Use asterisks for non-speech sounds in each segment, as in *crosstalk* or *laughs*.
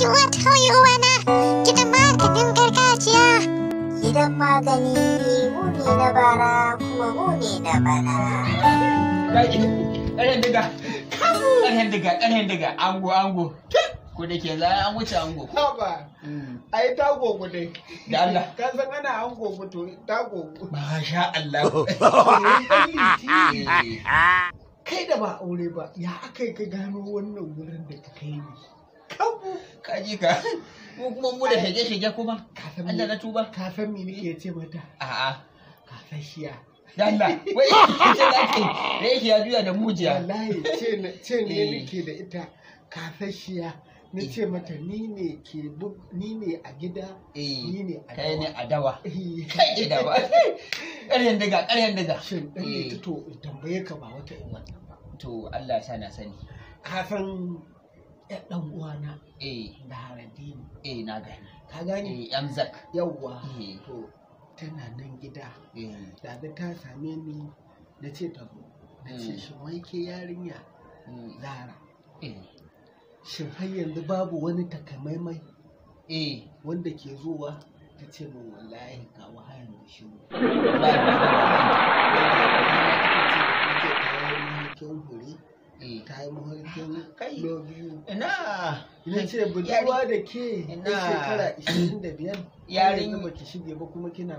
haihuwa ta hauyi uwana gidan maganin gargajiya. Idan magani mu ne na bara kuma mu ne na bana. Ƙarhen diga, ƙarhen diga, diga, ango ango. Ko da ke zai an wuce ango. Haba, hmm. a yi tago Da Allah. Ka san ana ango tago. Allah. Oh. kai da ba aure ba ya aka yi ka gano wannan wurin da ka kai kabu na kuma mu da shige shige kuma na tuba kafin mi nake ce mata a'a kafin shiya wai ce na ke, rai juya da mujiya. Wallahi ce ne eh. nake da ita kafin shiya. ce eh. mata ni ne ke ni ne a gida eh. ni ne a kai ne a dawa kai *laughs* ƙaryan daga ƙaryan daga shin ne to tambaye ka ba wata in wannan ba to Allah ya sa na sani ka yar uwana eh da haradini eh na gani ka gani eh yawwa eh. to tana nan gida eh. da ta same ni na ce ta zo na ce eh. shi wai ke yarinya zara shin har yanzu babu wani takamaimai eh wanda ke zuwa ta ce min wallahi ga wahayin shi kai ina ce budurwa da ke ina shekara 25 yarin shige ba kuma kina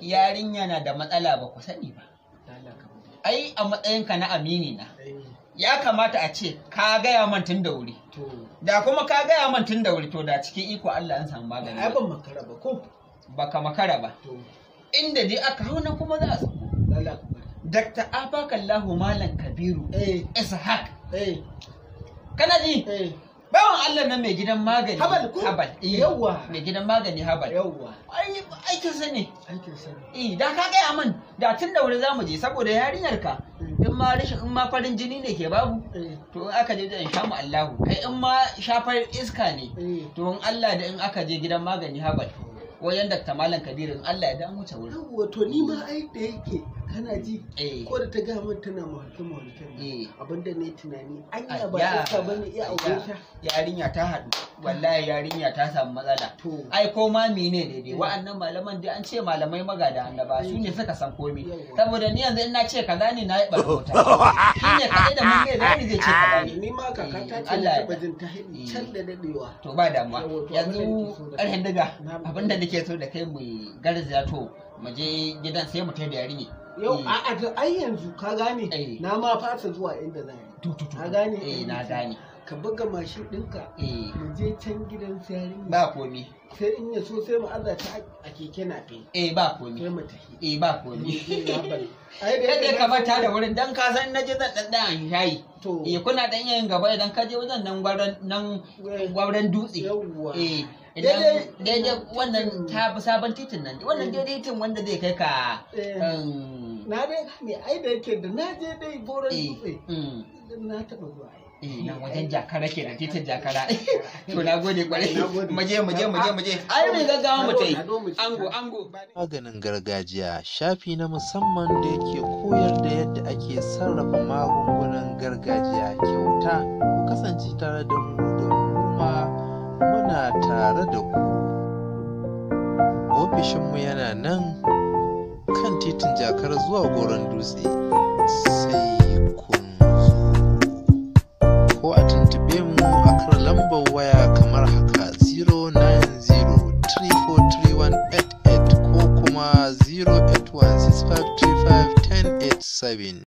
yarin yana da matsala ba ku sani ba ai a matsayinka na amini na ya kamata a ce ka gaya man tun da wuri da kuma ka gaya man tun da wuri to da cikin iko Allah an samu magani ai ban makara ba ko baka makara ba inda dai aka hauna kuma za a sako Dr. Abakallahu Malam Kabiru, eh. Ishaq Eh. kana ji eh. bawan Allah nan mai gidan magani habal ko habal eh, yawa mai gidan magani habal Yauwa. ai aikin sa ne aikin sa eh da ka ga man. da tun da wuri zamu je saboda yarinyar ka in ma rashin in ma farin jini ne ke babu to in aka je da insha mu Allahu kai in ma shafar iska ne to in Allah da in aka je gidan magani habal wajen dakta malam kabiru allah ya da wuce wurin wato ni ma ai da yake kana ji eh. ko da ta gama tana mahalke mahalke eh. abinda ne tunani anya ba ta bane iya aure ta yarinya ta haɗu wallahi yarinya ta samu matsala ai ko ma mene ne dai eh. wa'annan malaman dai an ce malamai magada annaba su ne eh. suka san komai saboda ni yanzu ina ce kaza ne na yi barkota oh. shi ne kaɗai da mun gaida ni zai ce kaza ne ni ma ka ta ce eh, na taɓa jin ta haɗi can da daɗewa to ba damuwa yanzu ƙarfin daga abinda nake so da kai mu garzaya to mu je gidan sai mu tafi yarinya yau a ai yanzu ka gane na ma fasa zuwa inda zai to to to ka gane eh na gane ka buga mashin ɗinka eh. mu je can gidan sayarin ba komi sai in ya so sai mu aza ta a keke na fe eh ba komi sai mu tafi eh ba komi kada ka bata da wurin dan ka san naje zan dan dan shayi to eh kuna dan yayin gaba idan ka je wajen nan gwaran nan gwaran dutse eh idan daidai wannan ta sabon titin nan wannan eh. daidai titin wanda zai kai ka eh. um, na dai ai da yake da na je dai goron dutse mm. na taɓa zuwa Eh, nan wajen jakara kenan titin jakara *laughs* to na gode kwarai muje muje muje muje ai mai gaggawa mu tai ango ango maganin gargajiya shafi na musamman da yake koyar da yadda ake sarrafa magungunan gargajiya kyauta ku kasance tare da mu domin kuma muna tare da ku ofishinmu yana nan kan titin jakara zuwa goron dutse 8 ten eight seven.